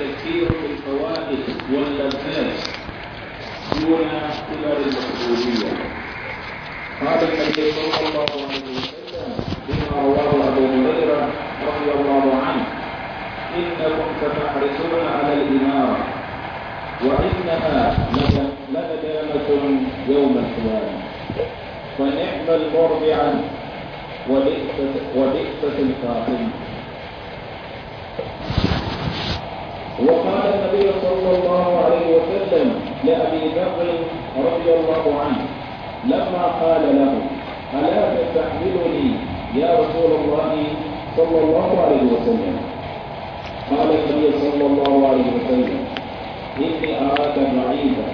التذكير في الفوائد واللذات دون قدر المسؤولية قال النبي صلى الله عليه وسلم بما رواه أبو هريرة رضي الله عنه إنكم ستحرصون على الإمارة وإنها لندامة يوم القيامة فنعم المرضعة وبئست الخاتمة وقال النبي صلى الله عليه وسلم لأبي ذر رضي الله عنه لما قال له ألا تستحملني يا رسول الله صلى الله عليه وسلم قال النبي صلى الله عليه وسلم إني أراك بعيدا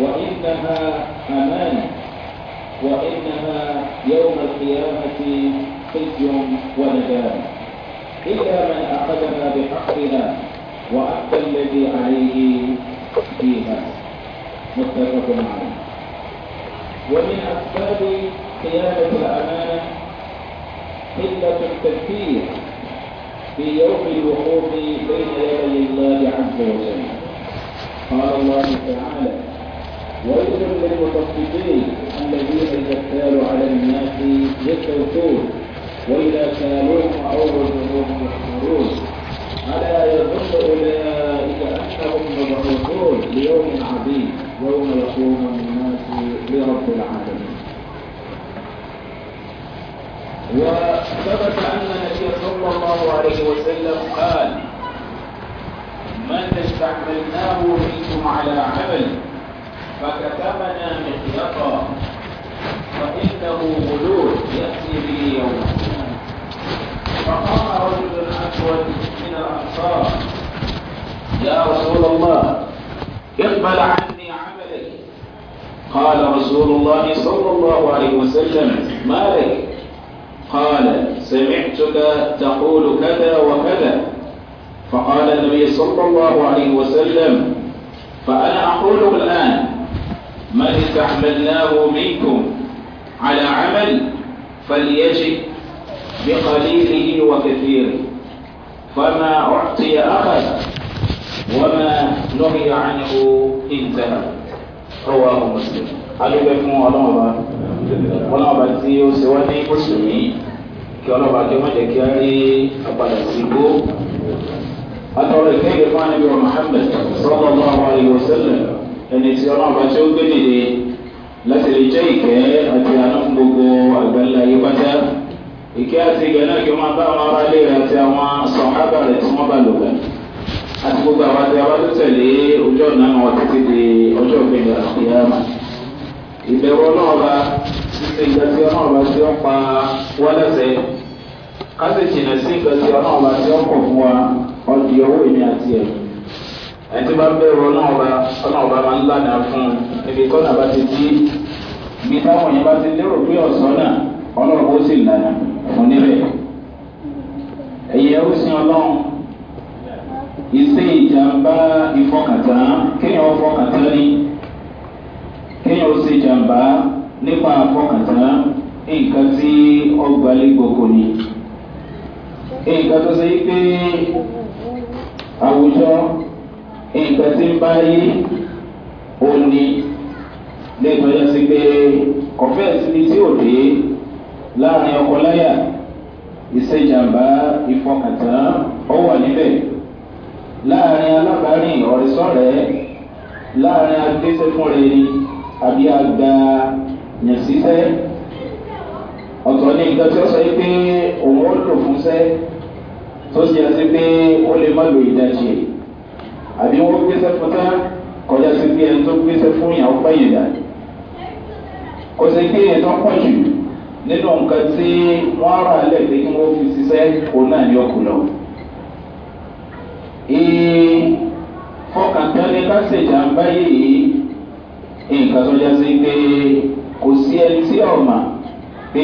وإنها أمان وإنها يوم القيامة خزي ونجاة إلا من أخذها بحقها وأعطى الذي عليه فيها متفق عليه ومن أسباب قيادة الأمانة قلة التكبير في يوم الوقوف بين يدي الله عز وجل قال الله تعالى ويل للمتصدقين الذين اذا اكتالوا على الناس يستوفون واذا كانوا او رجلوهم يحفرون ألا يظن أولئك أنهم مبعوثون ليوم عظيم يوم يقوم الناس لرب العالمين وثبت أن النبي صلى الله عليه وسلم قال من استعملناه منكم على عمل فكتبنا مخيطا فإنه غلول يأتي به يوم فقام رجل أسود يا رسول الله اقبل عني عملك قال رسول الله صلى الله عليه وسلم ما لك قال سمعتك تقول كذا وكذا فقال النبي صلى الله عليه وسلم فأنا أقول الآن من استحملناه منكم على عمل فليجد بقليله وكثيره فما أعطي أخذ وما نهي عنه انتهى رواه مسلم alóbẹ fún ọlọ́mọba ọlọ́mọba tí ó ṣe wá ní mùsùlùmí kí ọlọ́mọba kí wọ́n jẹ́ kí á rí àpàdà sí igbó. àtọ̀rọ̀ ìkéde fún àníbi wa muhammed sọ́kọ̀ ọmọ àwọn ìwò sẹ́lẹ̀ ẹni tí ọlọ́mọba tí ó gbé dìde láti lè jẹ́ ìkẹ́ àti àná fún gbogbo àgbẹ̀lẹ̀ ayé pátá ìkẹ́ àti ìgbẹ́ náà kí wọ́n máa bá àwọn ará ilé rẹ̀ àti àwọn sọ̀hábà rẹ̀ tí wọ́n bá lò gan. àti gbogbo àwọn àti àwọn tó tẹ̀lé ojú ọ̀nà wọn títí di ọjọ́ ìgbẹ́gbẹ́ ìyáàmà. ìbẹ̀rù ọlọ́ọ̀ba ṣíṣe ìgbà tí ọlọ́ọ̀ba ti ń pa wá lẹ́sẹ̀. ká sì jìnà sí ìgbà tí ọlọ́ọ̀ba ti ń pọ̀ fún wa ọdì owó èmi àti ẹ̀. ẹni tí bá ń bẹ̀rù ọlọ́ọ̀ba ọlọ́ọ̀ba máa ń lánàá fún níbẹ̀. ẹ̀yẹ ó sin ọlọ́run ìsìn ìjàmbá ìfọkàntán kéèyàn ọfọkàntán ni kéèyàn ó sin ìjàmbá nípa àfọkàntán nǹkan tí ọgbàlẹ̀ gbogbo ni. nǹkan tó ṣe pé àwùjọ nǹkan tí ń báyé òní lẹ́gbẹ̀ẹ́ sí pé kọ̀fẹ́ẹ̀sì ni tí ò dé láàrin ọkọláyà ìṣèjàmbá ìfọkàntán ó wà níbẹ̀ láàrin alábàárìn ọ̀rẹ́sọ̀rẹ́ láàrin agbésẹ́fúnrẹ́ni àbí àgbà yẹ̀nsíṣẹ́ ọ̀tọ̀ ní nǹkan tí ó sọ pé òun ó lò fún sẹ́ tó ṣe àti pé ó lè má lo ìdajì àbí wọ́n gbéṣẹ́ fún tán kọjá sí pé ẹni tó gbéṣẹ́ fún ìyàwó pẹ̀yìndà kò sí pé ẹ̀tọ́ pọ̀ jù nínú nǹkan tí wọ́n rà lẹ̀ pé kí wọ́n fi ṣiṣẹ́ òun náà ní ọkùnrin lọ. ìfọkàntánni kásìjà ń báyé yìí nǹkan tó jásí pé kò sí ẹni tí ọ̀mà pé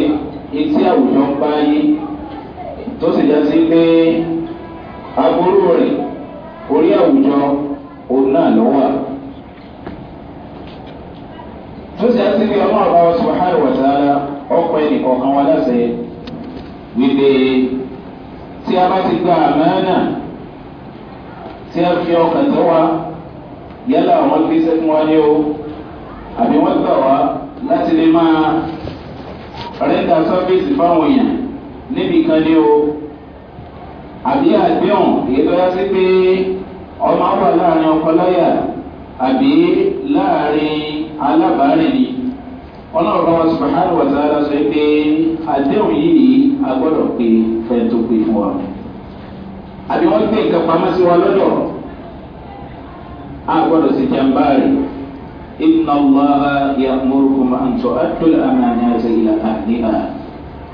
etí àwùjọ ń báyé tó sì jásí pé aburú rẹ̀ orí àwùjọ òun náà ló wà. tó sì jásí pé ọmọ àbáwọ̀ sùn hàn ọkọ ẹnìkọ̀ọ̀kan wa lọ́sẹ̀ wípé tí a bá ti gba àmàna tí a fi ọkàn tó wa yálà wọn gbé sẹ́kún wa ní o àbí wọ́n gbà wá láti lè máa rẹ́ńdà sọ́fíìsì fáwọn èèyàn níbi kan ní o àbí àdéhùn èyí tó yá sí pé ọmọ àwọn láàrin ọkọ lọ́yà àbí láàrin alábàárìn ni ọlọ́run bá wọn subahana wa ta'ala sọ pé àdéhùn yìí ni a gbọ́dọ̀ pé fẹ́ tó pé fún wa. àbí wọ́n gbé nǹkan pamọ́ sí wa lọ́dọ̀ a gbọ́dọ̀ sì jàmbá rẹ̀ inna allaha ya'murukum an tu'addul amanati ila ahliha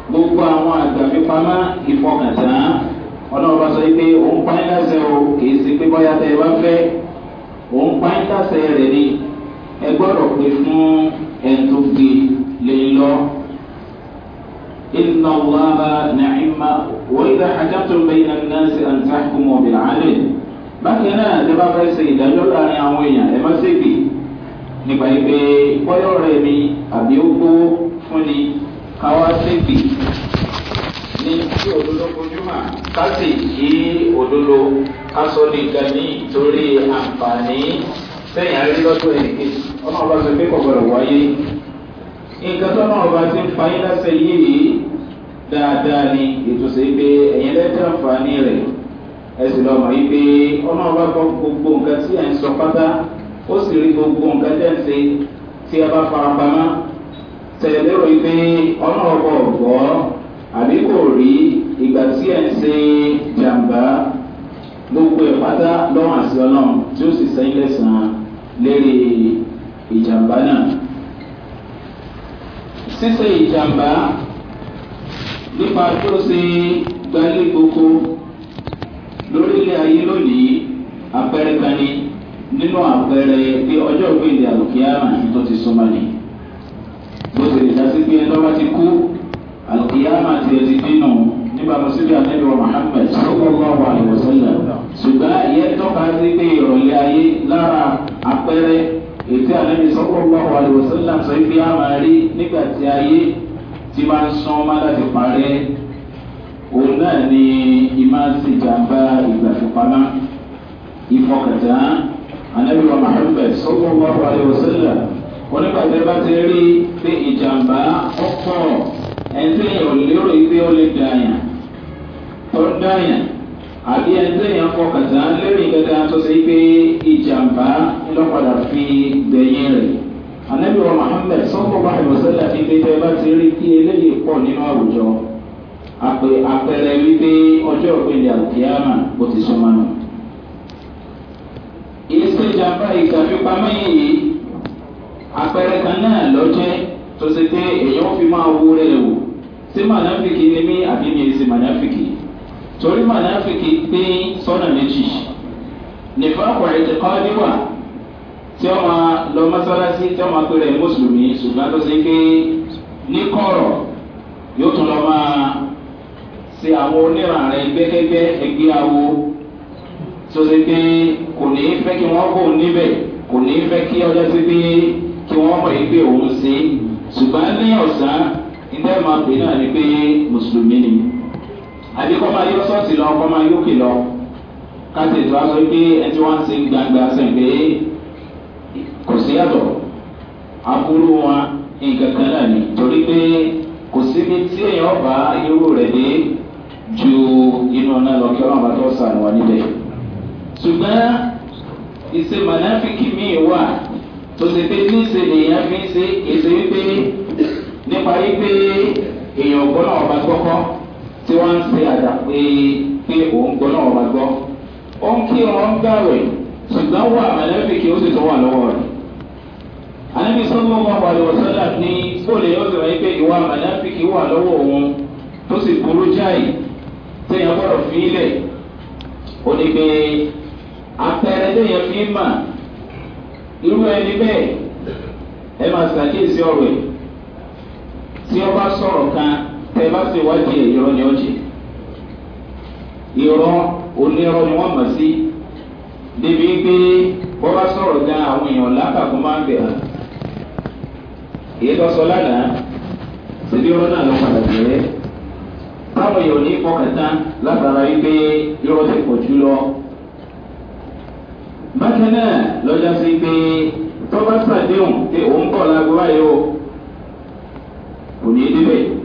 gbogbo àwọn àgbàfi pamọ́ ìfọkàntán ọlọ́run bá sọ pé òun pa ẹ́ lásẹ̀ o kì í sí pé bọ́yá tẹ́ ẹ bá fẹ́ òun pa ẹ́ lásẹ̀ rẹ̀ ni ẹ gbọ́dọ̀ pé fún ẹ̀ńtò gbé lè lọ. إن الله نعم وإذا حكمتم بين الناس أن تحكموا بالعدل bákan náà tẹ bá fẹ́ ṣe ìdájọ́ láàrin àwọn èèyàn ẹ má ṣe bì nípa ìpè bọ́yọ̀ rẹ̀ mi àbí ó gbó fún ni ká wá ṣe bì ní tí òdodo kojúmọ̀ ká sì yí òdodo ká sọ nìkan ní torí àǹfààní sẹ́yìn àrí lọ́dún ẹ̀ẹ́dẹ́gbẹ̀ẹ́ ọlọ́run bá sọ pé kò gbọdọ̀ wáyé nǹkan tó náà bá ti ń fa yín lásẹ̀ yìí dáadáa ni ètò sí pé ẹ̀yin lẹ́jọ́ àǹfààní rẹ̀ ẹ̀sìn lọ́mọ yìí pé ọlọ́run bá gbọ́ gbogbo nǹkan tí à ń sọ pátá ó sì rí gbogbo nǹkan tẹ̀ ń ṣe tí a bá fara pamọ́ tẹ̀lérò yìí pé ọlọ́run bọ̀ gbọ́ àbí kò rí ìgbà tí ẹ̀ ń ṣe jàǹbá gbogbo ẹ̀ pátá lọ́wọ́ àti ọlọ́run tí ó sì sẹ́yìn lẹ́sàn-án lérí ìjàmbá náà. sísè ìjàmbá nípa tó ṣe gbalé gbogbo lórílẹ̀ ayé lónìí àpẹẹrẹ kan ni nínú àpẹẹrẹ pé ọjọ́ ìgbéǹde àlùkìyàmà tó ti súnmọ́ ni bó ṣe lè dá sí pé ẹjọ́ bá ti kú àlùkìyàmà ti ẹ ti dínú nípa mùsùlùmí àtẹ́lẹ̀ wa muhammed sọ́kọ̀ọ́ wa àlùwọ̀sẹ́lẹ̀ ṣùgbọ́n ìyẹn tó bá sí pé ìrọ̀lẹ́ ayé lára àpẹẹrẹ ètí àlẹ́bí sọ́kọ̀ọ́gbà wà lè wọ́sẹ́lá sọ ibi àmàrí nígbà tí ayé ti máa ń sán má láti parẹ́ òun náà ni ìmáàsì ìjàmbá ìgbà fipamá ìfọkàtà àlẹ́bí wa mahammed sọ́kọ̀ọ́gbà wà lè wọ́sẹ́lá onígbàtẹ́ bá ti rí pé ìjàmbá ọ̀pọ̀ ẹ̀ ń tẹ̀yìn ò lérò ibi ó lè dààyàn tó ń dààyàn àbí ẹgbẹ́ yẹn fọkàtà lórí gẹ́gẹ́ tó ṣe pé ìjàmbá ńlọ́padà fi gbẹ̀yìn rẹ̀. ànábì wa muhammed sọ́kọ̀ bá ìwọ̀sẹ́lẹ̀ fi pé bẹ́ẹ̀ bá ti rí kí eléyìí pọ̀ nínú àwùjọ àpẹẹrẹ wípé ọjọ́ òpinlẹ̀ àkíyàmà kò ti sọ mọ́nà. ìṣe ìjàmbá ìṣàfipamọ́ yìí àpẹẹrẹ kan náà lọ́jẹ́ tó ṣe pé èèyàn fi máa wúrẹ́ wò sí mànáfìkì ni mí àbí mi èsì torí mànáfíkì pín sọ́nà méjì nìfà ọkùnrin ti kọ́ níwà tí ó máa lọ mọ́sálásí tí ó máa pèrè mùsùlùmí ṣùgbọ́n tó ṣe pé ní kọ̀rọ̀ yóò tún lọ máa ṣe àwọn oníran rẹ gbẹ́gbẹ́ ẹgbẹ́ awo tó ṣe pé kò ní í fẹ́ kí wọ́n kó níbẹ̀ kò ní í fẹ́ kí ọjọ́ sí pé kí wọ́n mọ̀ yìí òun ṣe ṣùgbọ́n ní ọ̀sán ilé máa pè náà ni pé àbí kọ́ máa yọ sọ́ọ̀sì lọ kọ́ máa yókè lọ káṣí ètò aṣọ pé ẹtí wọn ti gbangba sẹ́ǹpé kò sí yàtọ̀ aburú wọn nǹkan kan náà ni torí pé kò síbi tí èèyàn bá irú rẹ̀ dé ju inú ọ̀nà lọ kí ọlọ́run bá tó sàn wọn níbẹ̀ ṣùgbọ́n ìṣe mọ̀nàfíkì míì wà tó ṣe pé ní ṣe lèèyàn fi ń ṣe èṣe wípé nípa wípé èèyàn ògbọ́n náà ọba gbọ́kọ́ tí wọ́n ń ṣe àdá pé pé òun gbọ́ náà wà gbọ́. ó ń kí wọn ń gbàwẹ̀ ṣùgbọ́n wà mẹ́lẹ́bí kí ó sì tún wà lọ́wọ́ rẹ̀. àníbi sọ́mọ́ wọn wà lọ́wọ́ sọ́dà ní bóòlù yóò sọ̀rọ̀ yìí pé ìwà mẹ́lẹ́bí kí wà lọ́wọ́ òun tó sì burú jáì téèyàn gbọ́dọ̀ fi í lẹ̀. ó ní pé apẹ̀rẹ̀ téèyàn fi ń mà irú ẹni bẹ́ẹ̀ ẹ máa ṣàkíyèsí ọ̀rọ̀ ẹ̀ tí ọ bá kan tẹ bá ṣe wájú ẹ̀ irọ́ ni ó jẹ irọ́ onírọ́ ni wọ́n mọ̀ sí débi pé bọ́ bá sọ̀rọ̀ gan àwọn èèyàn lákàkún máa ń bẹ̀ hàn èyí tó sọ lánàá síbi irọ́ náà ló padà jẹ́ táwọn èèyàn ní fọkàntán látara wípé irọ́ ti pọ̀ jù lọ bákan náà lọ́jà sí pé tọ́ba sàdéhùn pé òun kọ̀ lágbó báyìí o kò ní í débẹ̀.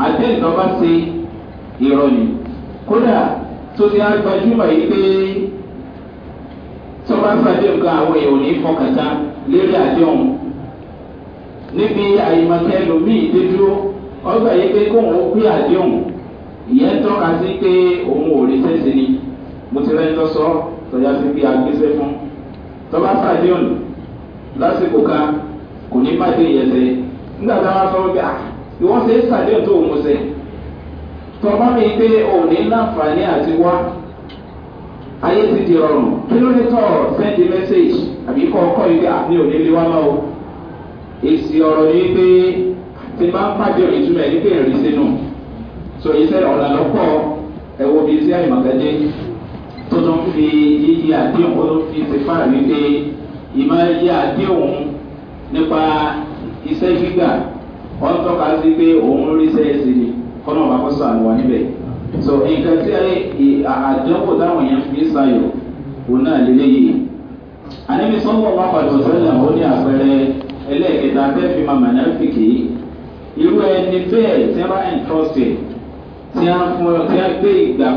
àti ẹnìkan bá ṣe ìrọ̀lì kódà tó ti gbajúmọ̀ yìí pé tó bá pàdé nǹkan àwọn èèyàn ní fọkàtà lérí àdéhùn níbi àyèmọ̀kẹ́ lòmíì dé ọgbà yìí pé kóun ó gbé àdéhùn ìyẹn tọ́ka sí pé òun ò sẹ́sẹ̀ ni mo ti rẹ́ tọ́já sí bí agbésẹ́ fún lásìkò kan kò ní ìwọ́n ṣe ń sàlẹ̀ tó òun ṣe tọ́ba mi pé òní láǹfààní àti wá ayé ti di ọrùn kí ló ní tọ́ sẹ́ndì mẹ́sẹ̀gì àbí kọ́ ọkọ́ yìí àbí òní lé wá máa o èsì ọ̀rọ̀ yìí pé ti máa ń pàdé ìtumọ̀ ẹni pé èrè sínú so iṣẹ́ ọ̀là lọ́pọ̀ ẹ̀wọ́ bíi sí àyèmọ̀gẹ́dẹ́ tó tún fi yíyí àdéhùn tó fi ti fáàrí pé ìmọ̀ yí àdéhùn nípa iṣẹ́ gbígbà wọ́n tọ́ka sí pé òun rí sẹ́yẹsì ni kọ́nà ọ̀bá kọ́sà wà níbẹ̀ so nǹkan tí àdánwò táwọn èèyàn fi sayọ̀ òun náà lélẹ́yìí àníbi sọ́wọ́ wọn pàtó sọ́yà ó ní àpẹẹrẹ ẹlẹ́ẹ̀kẹta fẹ́ fi máa mànáfìkì irú ẹni bẹ́ẹ̀ tí wọ́n ń tọ́sẹ̀ tí wọ́n gbé ìgbà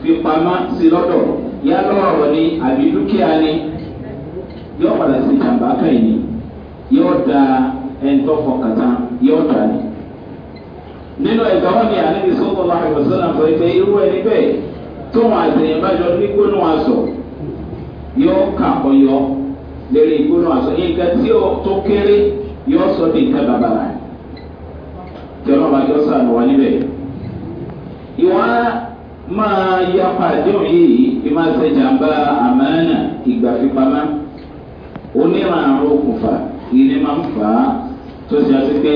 fi pamọ́ sí lọ́dọ̀ yá lọ́rọ̀ ni àbí dúkìá ni yóò padà sí ìjàmbá kẹ́yìn ni yóò da ẹni tó fọkàn tán yóò tà ní. nínú ẹ̀gbọ́n wọn ni àlejò sọ́kọ̀ máa rẹ̀ sọ́nà sọ pé irú ẹni bẹ́ẹ̀ tó wọn àtẹ̀yìn bá jọ ní gbónú aṣọ yóò kà ọ́ yọ lérí gbónú aṣọ nǹkan tí ó tó kéré yóò sọ bí nǹkan bàbàrà jọlọ́ bá jọ sànù wá níbẹ̀. ìwà máa yapa àdéhùn yìí ìmáṣẹ́jàmbá àmàlà ìgbàfipamá onírànrò okùnfà ìní ń fà á tó sì yàtí pé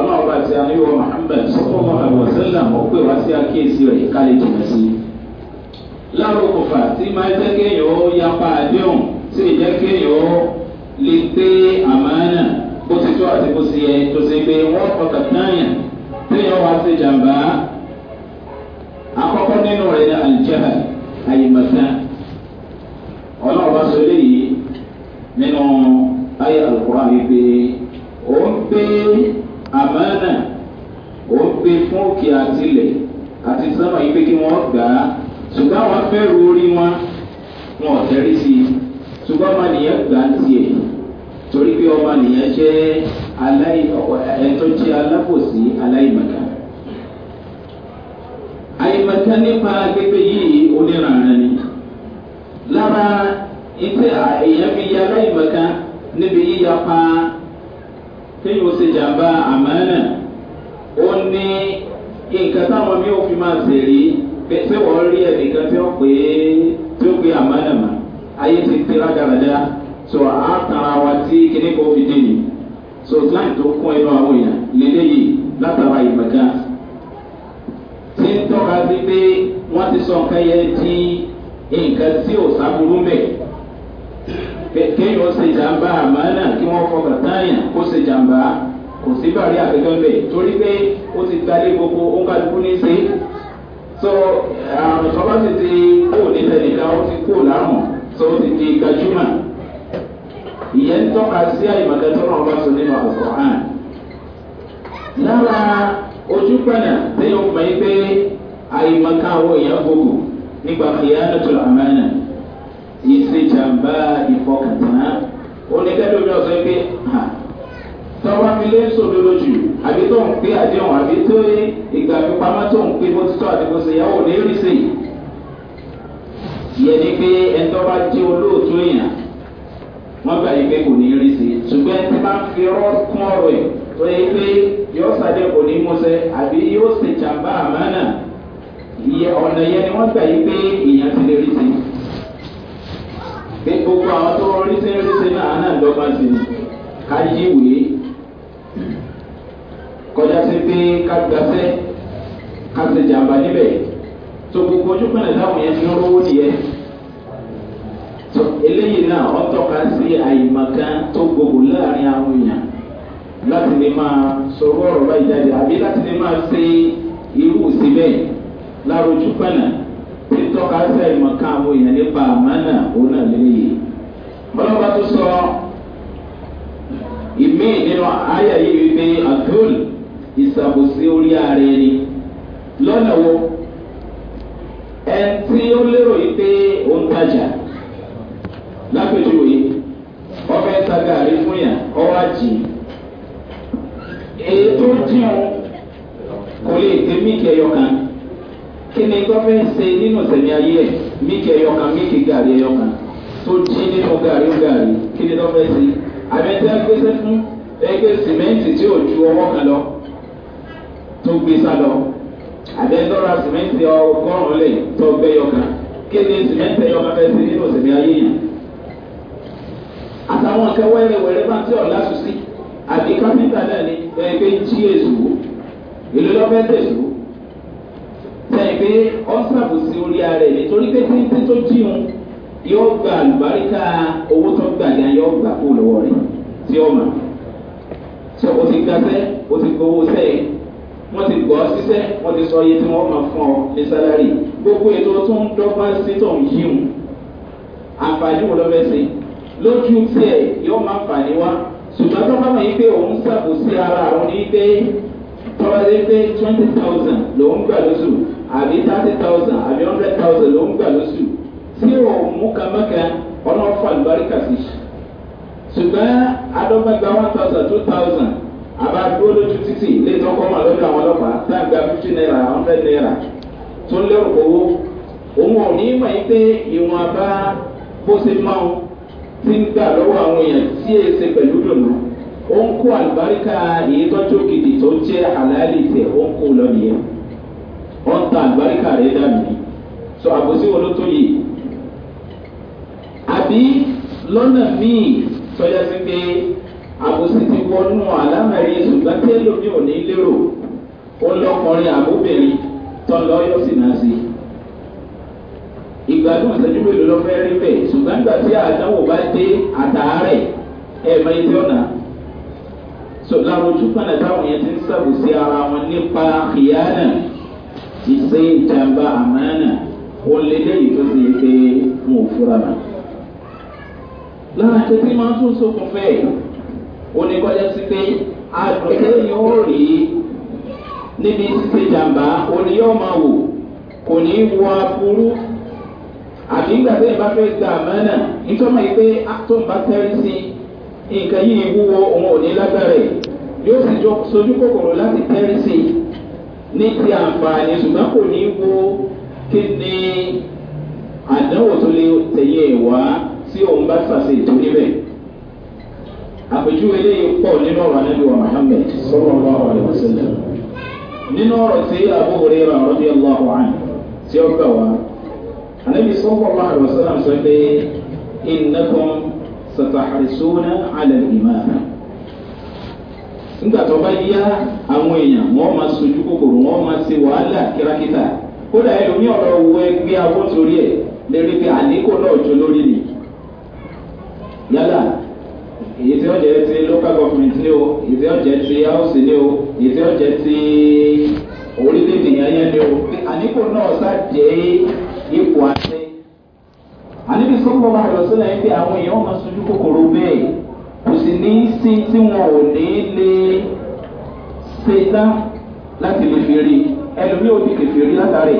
ọlọ́ọ̀bá àti aníwọ̀ muhammed sọ́kọ́mọ́ àbọ̀sẹ́là ó pè wá sí àkíyèsí rẹ̀ kálí jìnnà sí. láàrú kọfà tí máa jẹ́ kéèyàn ó yapa àdéhùn tí ì jẹ́ kéèyàn ó lè pé àmàánà bó ti tó àti bó ti yẹ tó ti pé wọ́n kọ̀tà náà téèyàn wá sí jàǹbá. akọ́kọ́ nínú rẹ̀ ní àlùjáde àyèmọ̀tá ọlọ́ọ̀bá sọ eléyìí nínú ayé àlùkò àyè pé pe àmọ́nà ó ń pe fún òkè àtìlẹ̀ àti sọ́mà yìí pé kí wọ́n gbà á ṣùgbọ́n àwọn fẹ́rù orí wọn wọn ò tẹ́rí sí i ṣùgbọ́n ọmọ nìyẹn gbà á tiẹ̀ torí pé ọmọ nìyẹn jẹ́ ẹ̀tọ́ jẹ́ alábòsí aláìmọ̀ká. àìmọ̀ká nípa agbègbè yìí oníranran ni lára ìpè èèyàn fi yá aláìmọ̀ká níbi yíyapa téyìn ó ṣe jàmbá àmánà ó ní nǹkan táwọn mi ò fi máa ṣèrí pé wọ́n rí ẹnìkan tí ó pè é tí ó pè àmánà mà ayé ti ti rádaràdá so àtàrà wa tí kíní kò fi dé ni so láì tó kún inú àwọn èèyàn lélẹ́yìí látara ìmọ̀gá tí ń tọ́ka sí pé wọ́n ti sọ nǹkan yẹn tí nǹkan tí ò sábúrú mẹ́ẹ̀ kéèyàn ó ṣe ìjàmbá àmàlà kí wọ́n fọkàn táyàn kó ṣe jàmbá kò sí bàrí àfẹ́fẹ́ bẹ̀ torí pé ó ti gbalé gbogbo ó ń kálukú ní ṣe so àrùn tó bá ti di kó nílẹ̀ nìkan ó ti kó lárùn so ó ti di gbajúmọ̀ ìyẹn ń tọ́ka sí àyèmọ̀tẹ́ tó náà bá so nínú àkókò hàn lára ojú pẹ̀lẹ́ téèyàn mọ̀ yí pé àyèmọ̀ká àwọn èèyàn nígbà kìí jàǹbá ìfọkàntán oníkẹ́lómi ọ̀sán pé tọ́wọ́ mi lé sòdodo jù àbí tó ń pé àdéhùn àbí tó ìgbà pípamọ́ tó ń pé bó ti tọ́ àti bó ṣe yàwó ní rí sí yẹ ni pé ẹ̀ńtọ́ bá jẹ́ olóòtú èèyàn wọ́n gbà yí pé kò ní rí sí ṣùgbọ́n ẹni tí máa ń fi ọ̀rọ̀ kún ọ̀rọ̀ ẹ̀ tó yẹ pé yóò sáré kò ní mọ́sẹ̀ àbí yóò ṣèjàmbá àmánà ọ̀nà yẹn ni wọ́n gbà yí pé èèyàn ti lè rí sí pé gbogbo àwọn tó rọrí sẹ́rẹ́sẹ́ náà náà lọ́gbà sí i ká yíwèé kọjá sí pé ká gbàsẹ́ ká ṣe jàǹbá níbẹ̀ tó gbogbo ojú pẹ̀lẹ́ táwọn yẹn ti ń rówó nìyẹn tó eléyìí náà wọ́n tọ́ka sí àyèmọ̀kan tó gbogbo láàrin àwọn èèyàn láti lè máa sọ̀rọ̀ ọ̀rọ̀ báyìí jáde àbí láti lè máa ṣe irú sí bẹ́ẹ̀ lárojú pẹ̀lẹ́ tọ́ka sí ìmọ̀ kan àwọn èèyàn nípa àmánà òun náà lélẹ́yìí. bọ́lọ́bà tó sọ ìmí nínú àyà yìí wípé àdúl ìsàbòsí orí ààrẹ ni lọ́nà wo ẹn tí ó lérò yìí pé ó ń tajà lápèjúwe ọbẹ̀ tagaàrí fún yà ọwọ́ àjì èyí tó jẹun kò lè tẹ́ mí kẹyọ kan kí ni tó fẹ́ ṣe nínú sẹ̀mí ayé ẹ̀ míkì ẹyọkan míkì gari, ẹyọkan tó jí nínú gàrí gàrí kí ni tó fẹ́ ṣe àbẹ̀tẹ́ gbèsè fún ẹgbẹ́ sìmẹ́ǹtì tí ò ju ọwọ́ kan lọ tó gbé sá lọ àbẹ̀tọ́ra sìmẹ́ǹtì ọgọ́rùn-ún lẹ̀ tó gbẹ́ yọkan kí ni sìmẹ́ǹtì ẹyọkan fẹ́ ṣe nínú sẹ̀mí ayé yìí àtàwọn nǹkan wẹ́rẹ́ wẹ́rẹ́ máa tí ọ̀la sùn sí àbí kápẹ́ńtà náà ni ẹgbẹ́ jí èzù èlò lọ́fẹ́ tẹ̀sùn pé ọ́sàbù sí orí ara ẹ̀ nítorí pé títí tó jíun yóò gba àlùbáríkà owó tó gbà ní ayé ọgbà kó lọ́wọ́ rẹ̀ tí ó mọ̀. sọ o ti gbàgbẹ́ o ti gbowó sẹ́yìn wọ́n ti gbọ́ síṣẹ́ wọ́n ti sọ iye tí wọ́n máa fún ọ ní sálárì gbogbo ètò tó ń dọ́gba sí tó ń yíun àǹfààní wo lọ́fẹ́ sí lójú tiẹ̀ yóò máa fà ní ṣùgbọ́n tó bá mọ̀ yí pé òun ṣàbòsí ara òun ní tọ́wọ́ dé pé twenty thousand ló ń gbà lóṣù àbí thirty thousand àbí hundred thousand ló ń gbà lóṣù tí ò mú kàmákà ọlọ́fà àlùbáríkà sí i ṣùgbọ́n adọ́gbàgbà one thousand two thousand àbádúró lójú títì lè tọ́kọ́ wà lọ́dọ̀ àwọn ọlọ́pàá tá a gba fifty naira hundred naira tó ń lérò owó òun ò ní mọ̀ yín pé ìwọ̀n abá bó ṣe máa ń ti ń gbà lọ́wọ́ àwọn èèyàn tí èèṣe pẹ̀lú dòdò ó ń kó àlùbáríkà èyí tọ́jú gidi tó jẹ́ àlàyé tẹ̀ ó ń kó lọ nìyẹn ó ń ta àlùbáríkà abosi dànù ni sọ àbòsí wo ló tó yìí àbí lọ́nà míì sọ́jà sí pé àbòsí ti wọnú àlámẹ̀rin ṣùgbọ́n tẹ́lẹ̀ mi ò ní lérò ó lọ́kùnrin àbóbìnrin tó lọ yọ sí náà sí ìgbádùn ìṣẹ́jú mélòó rí bẹ́ẹ̀ ṣùgbọ́n nígbà tí bá dé àtàárẹ̀ ẹ̀ẹ́mẹ́yìí tí ó nà á so làwùjọ padà táwọn yẹn ti ń sàbòsí ara wọn nípa ìyáàna ìṣe ìjàmbá àmàna wọn lé lẹ́yìn tó ti ṣe fún òfurá náà. lára tètè máa tún sókun bẹ́ẹ̀ oníkọ́jà sí pé àgbẹ̀tẹ̀ yóò rí níbi ṣíṣe o òní yóò máa wò kò ní í wọ aburú àbí ìgbà tẹ́yìn bá fẹ́ gba àmàna nítorí pé tó ń bá tẹ́rí sí nǹkan yìí wúwo òun ò ní lágbára yìí yóò sì jọ sojú kòkòrò láti tẹ́rí sí i ní ti àǹfààní ṣùgbọ́n kò ní wo kí ni àdánwò tó lè tẹ̀yẹ wá tí òun bá ṣàṣe ètò níbẹ̀. àpèjúwe eléyìí pọ̀ nínú ọ̀rọ̀ anábìwá muhammed sọ̀rọ̀ ọ̀rọ̀ àwọn àlejò sílẹ̀. nínú ọ̀rọ̀ tí àbúrò rẹ̀ rà ọ̀rọ̀ bí ọlọ́wọ́ tí ó gbà wá anabi sọ́kọ̀ọ́ àrùn sọ́nà sọ pé ìnákan sàtàhàrìsónà alẹ́ ìmáà nígbà tó bá yá àwọn èèyàn wọ́n máa sojú kòkòrò wọ́n máa ṣe wàhálà kírákítà kódà ẹlòmí ọ̀rọ̀ wo ẹgbẹ́ abọ́ torí ẹ̀ lérí pé àníkò náà jó lórí nì. yálà èyí tí wọ́n jẹ́ ti local government ní o èyí tí wọ́n jẹ́ ti house ní o èyí tí wọ́n jẹ́ ti orílẹ̀-èdè yẹn ní o àníkò náà sá ipò àṣẹ. àníbi sọ́kọ̀ bá lọ sílẹ̀ pé àwọn èèyàn máa sojú kòkòrò bẹ́ẹ̀. kò sì ní í sí tí wọn ò ní lè ṣe láti lè fi rí ẹlòmíì ò lè fi rí látàrí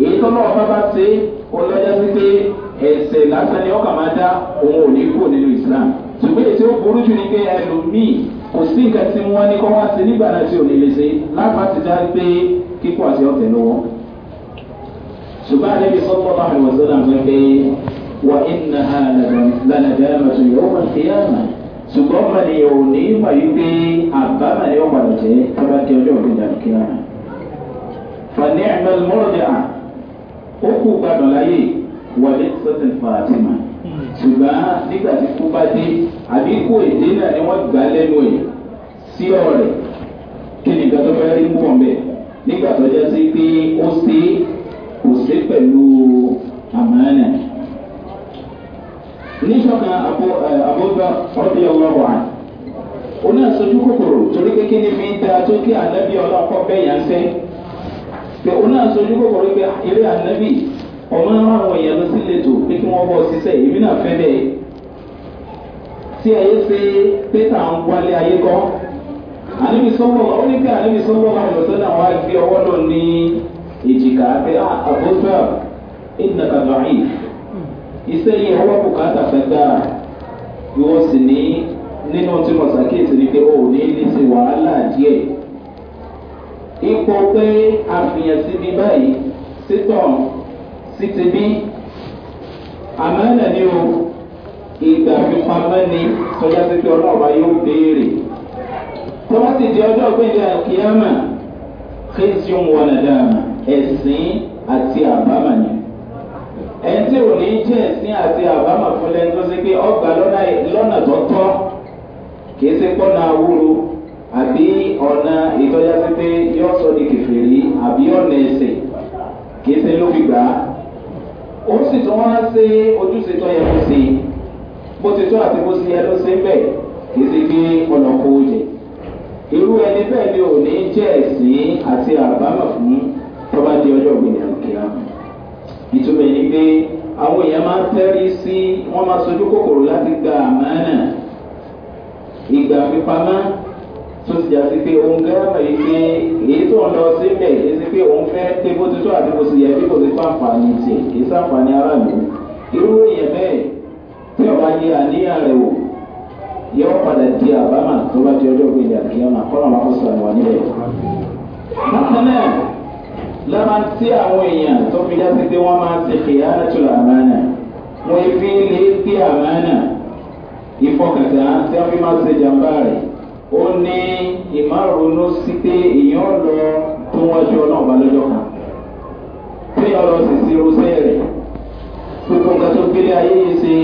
èyí tó bá bá ṣe sí pé islam ṣùgbọ́n èyí tí ó burú jù ni pé ẹlòmíì kò sí nǹkan tí wọ́n ní kọ́ wá sí nígbà náà tí ò ní lè ṣe ti dá pé kíkọ́ àti ọ̀tẹ̀ lọ́wọ́ ṣùgbọ́n àlejò sọ́kọ́ bá àwọn ìwọ̀sọ́dà ń pẹ́ pé wà á ṣùgbọ́n mọ̀nìyàn ò ní mà yí pé àbámọ̀ ni ó padà jẹ́ tọ́lá di ọjọ́ òbí ìdàlù kí náà. fani ahmed mọ́rọ̀dà ó kú gbàdọ̀ láyè wọlé sọ́tẹ̀ fàtìmà ṣùgbọ́n nígbà tí kú bá dé àbí kú èdè náà ni wọ́n gbà lẹ́nu ẹ̀ sí ọ̀rẹ́ kí ni ìgbà tó fẹ́ rí mú ọ̀bẹ nígbà tó jẹ́ sí pé ó ṣe kò ṣe pẹ̀lú àmọ́ náà. níjọba àbúgbà ọdí ọlọ́wọ́ àná oní àsojú kòkòrò torí kékeré ní mi dáa tó kí ànábì ọlọ́kọ bẹ́ẹ̀ yà ń fẹ́ pé oní àsojú kòkòrò pé ilé ànábì ọmọ àwọn èèyàn lọ sí ìletò pé kí wọ́n bọ̀ èmi náà fẹ́ bẹ́ẹ̀ tí ayé ṣe wálé ayé kọ́ ànábì ní pé ànábì ọwọ́ iṣẹ́ yìí ọwọ́ bùkátà fẹ́ dára ìwọ sì ní nínú tí mo ṣàkíyèsí ni pé o ò ní ní ṣe wàhálà díẹ̀ ipò pé àfihàn síbi báyìí sítọ̀ sí ti bí àmọ́ ẹ̀nà ni o ìgbà fífamọ́ ni tọ́já sí pé ọlọ́ọ̀bá yóò béèrè tọ́wọ́ sì di ọjọ́ gbẹ̀dẹ̀ àkíyàmà kí n ṣe ń wọnà dáàmà ẹ̀sìn àti àbámà ni ẹni tí ò ní jẹ́ ẹ̀sìn àti àbámọ̀ fún lẹ́nu tó ṣe pé ọgbà lọ́nà tó tọ́ kì í ṣe pọ́nà awúro àbí ọ̀nà ìtọ́já sí pé yọ sọ di kìfìrí àbí ọ̀nà ẹ̀sìn kì í ṣe ló fi gbà á. ó sì tún wá ṣe ojúṣe tó yẹ kó ṣe bó ti tó àti bó ṣe yẹ ló ṣe ń bẹ̀ kì ṣe pé ọ̀nà kó o jẹ. irú ẹni bẹ́ẹ̀ ni ò ní jẹ́ ẹ̀sìn àti àbámọ̀ fún tọ́ba di ọjọ́ ògbìn àkíyàmù ìtumọ̀ ẹni pé àwọn èèyàn máa ń tẹ́rí sí wọ́n máa sojú kòkòrò láti gba àmánà ìgbà fipamọ́ tó ti jà sí pé òun gẹ́rẹ́mà yìí pé èyí tó ń lọ síbẹ̀ èyí sí pé òun fẹ́ pé bó ti tó àti bó ti yẹ bí kò sí fàǹfààní tiẹ̀ kì í sàǹfààní aráàlú irú èèyàn bẹ́ẹ̀ tí ọba yẹ àníyàn rẹ̀ wò yọ padà di àbámà tó bá di ọjọ́ gbé ìyàkí ọ̀nà kọ́nà wọn kó sọ̀rọ̀ níbẹ̀. bákan náà lára tí àwọn èèyàn tó fi dá sí pé wọ́n máa ti kìyà lẹ́tọ̀lá àmàna wọ́n fi lè gbé àmàna ìfọkàtà tí wọ́n fi máa ṣe jàmbá rẹ̀ ó ní ìmárùnú sí pé èèyàn lọ tó wọ́n ju ọlọ́ọ̀bá lọ́jọ́ kan tí ọlọ́ sì sí irúṣẹ́ rẹ̀ gbogbo nǹkan tó gbélé ayé yìí ṣe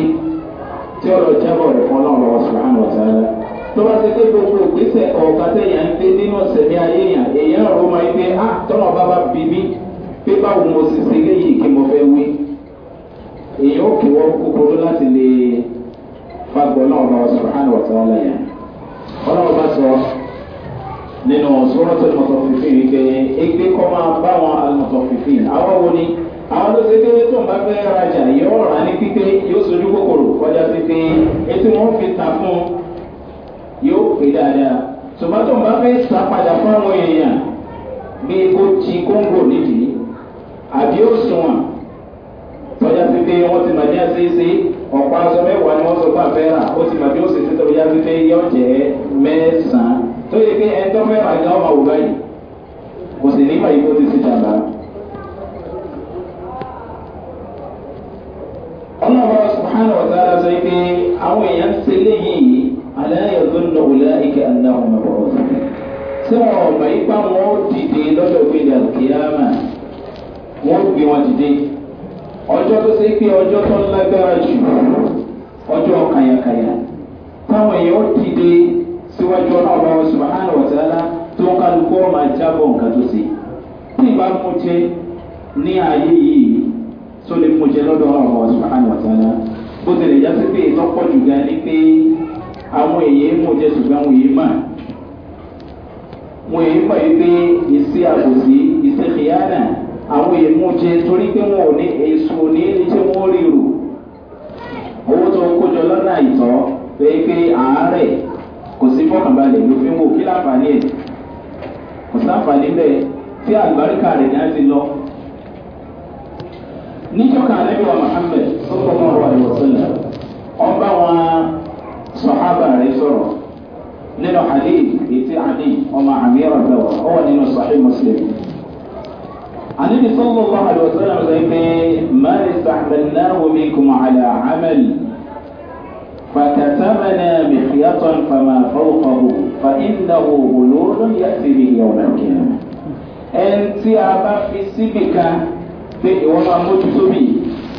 tí ọlọ́ jábọ̀ rẹ̀ fún ọlọ́run lọ́wọ́ sùn àná ọ̀tá rẹ̀ tọ́ba ti pé gbogbo ìgbésẹ̀ ọ̀gá tẹ̀yàn ń gbé nínú ọ̀sẹ̀mí ayé yàn èèyàn rò máa ń gbé á ah, tọ́nà bàbá bí mi pé báwo mo sì ṣe léyìí kí mo fẹ́ wí. èèyàn ó kí wọ́n kúkúrú láti lè fagbọ́ náà lọ sọ̀rọ̀ hàn wọ̀tá ọlẹ́yìn. ọlọ́run bá sọ nínú sọ́rọ́ tó mọ̀tọ̀ fífi rí pé égbé kọ́ máa bá wọn àlùmọ̀tọ̀ fífi àwọn wo ni àwọn tó ṣe kéré tó ń bá fẹ́ rajà yóò rà ní pípé yóò sojú kòkòrò kọjá sí pé etí wọn fi ta fún un pé dáadáa ṣùgbọ́n tó ń bá fẹ́ sá padà fún àwọn èèyàn bí kò ti kóńgò nídìí àbí ó sunwọ̀n tọ́já sí pé wọ́n ti mà ní àṣeyṣe ọ̀pá aṣọ mẹ́wàá ni wọ́n sọ fún àfẹ́rà ó ti mà bí ó sì ti tọ́já sí pé yọ̀ jẹ́ mẹ́sàn-án tó yẹ pé ẹni tó fẹ́ rà gan ọmọ òwúrọ̀ kò sì ní báyìí kó ti ṣe jàmbá. ọlọ́run subhanahu wa ta'ala sọ pé àwọn èèyàn ń ṣe léyìí ألا يظن أولئك أنهم مبعوثون سواء ما يبقى موجودين لو في القيامة موجودين موجودين ọjọ́ tó ṣe pé ọjọ́ tó lágbára jù ọjọ́ kàyàkàyà táwọn èèyàn ó dìde síwájú ọ̀nà ọba wọn ṣùgbọ́n àná ọ̀tẹ́lá tó ń kálukú ọ̀ máa jábọ̀ nǹkan tó ṣe tí ìbá mú jẹ ní ààyè yìí tó lè mú jẹ lọ́dọ̀ ọ̀nà ọba wọn ṣùgbọ́n àná ọ̀tẹ́lá bó tilẹ̀ yá sí pé ìtọ́pọ̀ jù gan ni pé àwọn èyí mò jẹ ṣùgbọ́n àwọn èyí mà wọn èyí mọ̀ yìí pé iṣẹ́ àbòsí iṣẹ́ kìíyànà àwọn èyí mò jẹ torí pé wọn ò ní èso ní tí wọ́n rí rò owó tó kójọ lọ́nà àìtọ́ pé pé àárẹ̀ kò sí fọkànbalẹ̀ ló fi ń wò kí láǹfààní ẹ̀ kò sáǹfààní bẹ́ẹ̀ tí àgbáríkà rẹ̀ ní á lọ níjọ́ kan àlẹ́ bí wa muhammed sọ́kọ́ mọ́ ọ̀rọ̀ àìwọ̀sọ́lẹ̀ sọ̀hábà rẹ̀ sọ̀rọ̀ nínú àdé ètí àdé ọmọ àmì ọ̀dọ̀ ọ wà nínú sàhé muslim. àníbi sọ́wọ́ bá àlọ́ sọ́nà sọ pé mẹ́rin sàbẹ̀lá omi kùmọ̀ àlà àmẹ́lì fàkàtàmẹ́nà mìkìyàtọ̀ fàmà fọ́wọ́fọ́wọ́ fà ìdáwó olóró yàtì ní ìyàwó kìnnà. ẹn tí a bá fi síbì kan pé ìwọ máa mójútó bì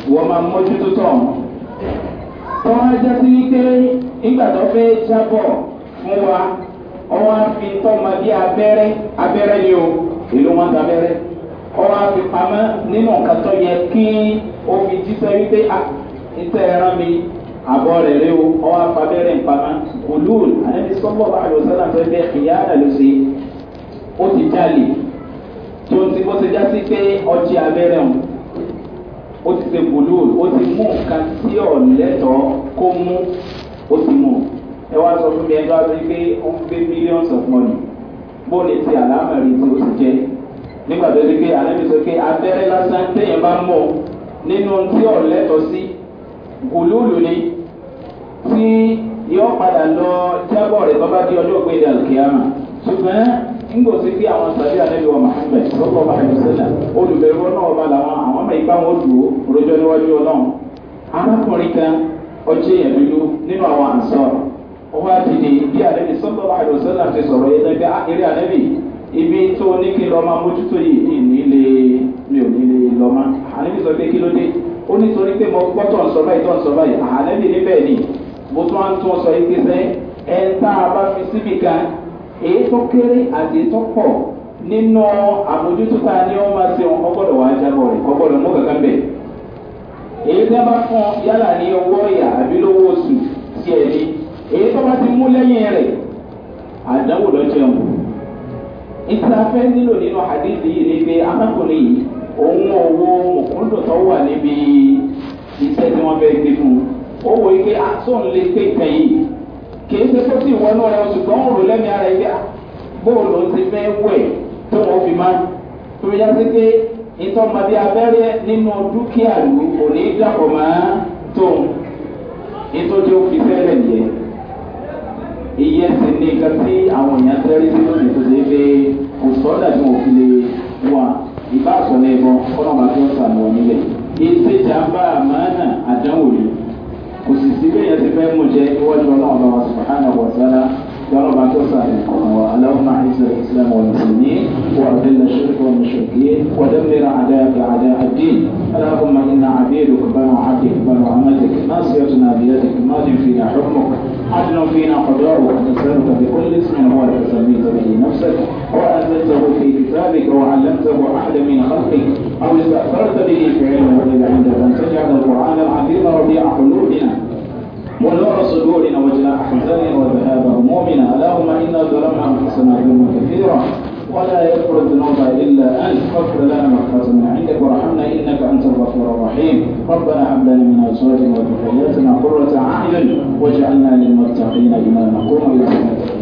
ìwọ máa mójútó tọ̀ tọ́wọ́ ajá sí wípé nígbà tó fẹ́ jábọ̀ fún wa ọwọ́ àfi tọ́mọ bí abẹ́rẹ́ abẹ́rẹ́ ni o èló wọn gba abẹ́rẹ́ ọwọ́ àfi pamọ́ nínú nǹkan tó yẹ kí omi jíṣẹ́ wípé a ah, ìtẹ́ ẹran mi àbọ̀ rẹ̀ rí o ọwọ́ àfi abẹ́rẹ́ ìpamọ́ olúùl àdébí sọ́gbọ̀ bá àlọ́ sọ́nà tó bẹ́ ìyá rẹ̀ ló ṣe ó ti jálè tó ti bó ṣe já pé ọjí abẹ́rẹ́ o ó ti ṣe olúùl ó ti mú nǹkan tí ọ̀lẹ́tọ̀ọ́ kó mú ó sì mọ̀ ẹ wá sọ fún mi ẹjọ́ àti pé ó ń gbé millions of money bóòlù ti àlámọ̀rí tí ó sì jẹ́ nígbà tó ti pé àlẹ́bí sọ pé abẹ́rẹ́ lásán téèyàn bá mọ̀ nínú tí ò lẹ́tọ̀ sí gòlúùlù ni tí yóò padà lọ jábọ̀ rẹ̀ bọ́bá di ọjọ́ ògbé ìdàlù kìámà ṣùgbọ́n nígbà tí pé àwọn sàbí àlẹ́bí wa mahammed lọ́kọ̀ ọba àdùsẹ́là olùbẹ̀rù náà ọba làwọn àwọn ọmọ ìgbà wọn dùn ó rojọ́ níwájú ọlọ́run arákùnrin kan ọjọ́ èèyàn dúdú nínú àwọn àǹsán ọwọ́ àdìdì bí àlẹ́bí sọ́tọ̀ àìrò sọ́là ti sọ̀rọ̀ yẹn lẹ́gbẹ́ ah, eré àlẹ́bí ibi tó ní kí lọ́ọ́ máa mójútó yìí ní ilé mi ò ní ilé lọ́ọ́ sọ pé kí ló dé ó ní torí pé mo gbọ́ tó ń sọ báyìí tó ń sọ báyìí ah, àlẹ́bí níbẹ̀ ni mo tún á tún sọ yìí pé sẹ́ ẹ tá a bá fi síbi kan èyí tó kéré àti èyí tó pọ̀ nínú àmójútó tá a ní máa ṣe wọn kọ́kọ́dọ̀ wá jábọ̀ rẹ̀ kọ́kọ́dọ̀ mú kankan bẹ̀ èyí tí bá fún yálà ní owó mú lẹ́yìn rẹ̀ àdánwò lọ́jọ́ mu. ìtafẹ́ nílò nínú àdéhùn yìí ni pé amákùnrin yìí òun owó mùkúndùn tó wà níbi iṣẹ́ tí wọ́n fẹ́ gbé fún un. ó wọ ike àtún ah, lè pé nǹkan yìí kìí ṣe tó sì wọnú rẹ ṣùgbọ́n òun rò lẹ́mìí ara ẹgbẹ́ ah, bóòlù ti fẹ́ wẹ̀ tó wọ́n fi má. tó yá sí pé ìtọ́mọdé abẹ́rẹ́ nínú dúkìá lù òní dàpọ̀ mọ́ tóun. ètò tí ó fi nìyẹn iye sì ní nǹkan tí àwọn èèyàn tẹ́rí sí lónìí tó ṣe é pé kò sọ́dà tí wọ́n fi lè wà ìbá àsọ̀lẹ̀ ìbọn kọ́nà bá tí wọ́n sàmì wọ́n nílẹ̀. ètò ìjàmbá àmàna àdánwò yìí kò sì sí bẹ́ẹ̀ ti fẹ́ mú jẹ iwájú ọlọ́run bá wa sùpàánà wọ̀ sára kọ́nà bá tó sàmì kọ̀ọ̀wá aláwọ̀ máa ń sọ ìsìlámù ọ̀nà sí ní wàhálà المشركين ودمر اعداءك اعداء الدين اللهم انا عبيدك بنو عبدك بنو عمتك ناصيتنا بيدك ماض فينا حكمك عدل فينا قدرك نسالك بكل اسم هو لك سميت به نفسك وانزلته في كتابك وعلمته احد من خلقك او استاثرت به في علم الغيب عندك ان تجعل القران العظيم ربيع قلوبنا ونور صدورنا وجلاء احزاننا وذهاب همومنا اللهم انا ظلمنا انفسنا ظلما كثيرا ولا يغفر الذنوب الا انت فاغفر لنا ما من عندك وارحمنا انك انت الغفور الرحيم ربنا هب لنا من ازواجنا وذرياتنا قره عين واجعلنا للمتقين اماما قوم الى